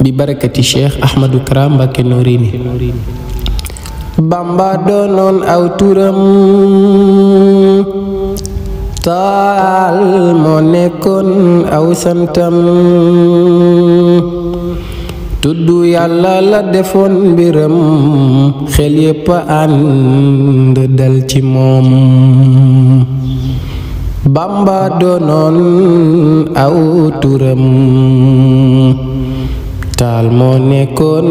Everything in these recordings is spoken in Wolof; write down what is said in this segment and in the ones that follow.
bi barakati cheikh ahmadou kara mbàkke bamba doonoon aw turam taal moo nekkoon aw santam tudd yàlla la defoon mbiram xel yéppa ànd dal ci moom bamba doonoon aw turam taal moo nekkoon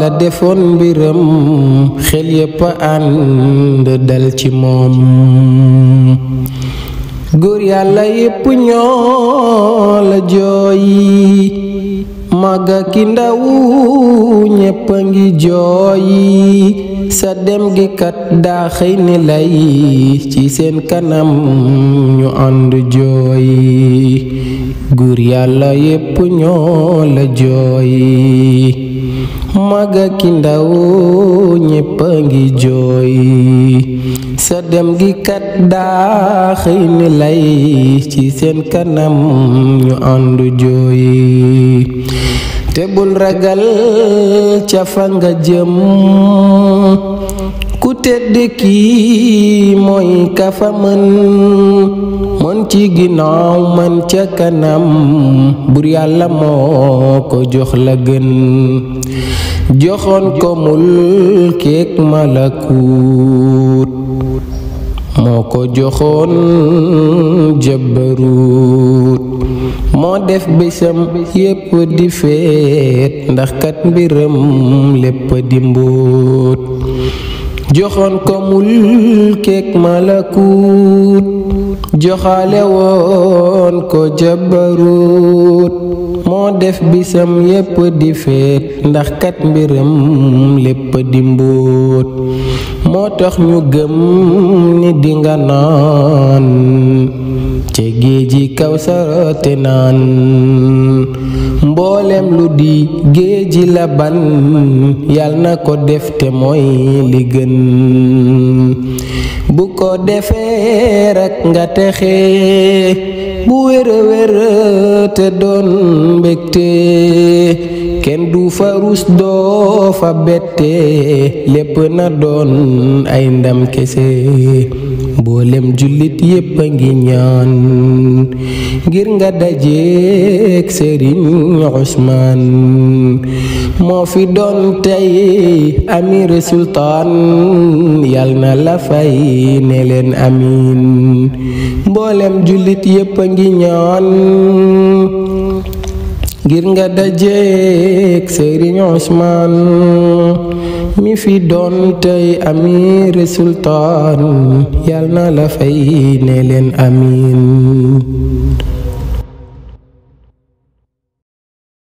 la defoon mbiram xel yépp ànd dal ci moom góor yàlla yépp ñoo la jooyi maga ki ndaw ñépp a ngi jooyi sa dem gi kat daa xëy ni lay ci seen kanam ñu ànd jooyi guur yàlla yépp ñoo la jooyi maga ki ndaw ñépp a ngi jooyi sa dem gi kat daa xëy lay ci seen kanam ñu àndu jooyi te bul ragal ca fa nga jëm ku tedd kii mooy ka fa mën mën ci ginnaaw man ca kanam bur yàlla moo ko jox la gën joxoon ko mul keek malakuut moo ko joxoon jabbaruut moo def bésam yépp di feet ndax kat mbiram lépp di mbóot joxoon ko mulkeek malakut joxaale woon ko jabarut moo def bisam yépp di feet ndax kat mbiram lépp di mbóot moo tax ñu gëm ni dinga naan ci géej gi kaw sarate naan lu di géeji la ban yal na ko def te mooy li gën bu ko defee rek nga texe bu wéra wéra te doon mbégte kenn du fa rus doo fa bette lépp na doon ay ndam kese mboolem jullit yépp a ngi ñaan ngir nga dajeek sëriñ Usmaan moo fi doon tey amir sultaan yal na la yi ne leen amiin mboolem jullit yépp a ngi ñaan ngir nga dajeek Sëriñ Usmaan mi fi doon tey amir sultaan yal na la fay ne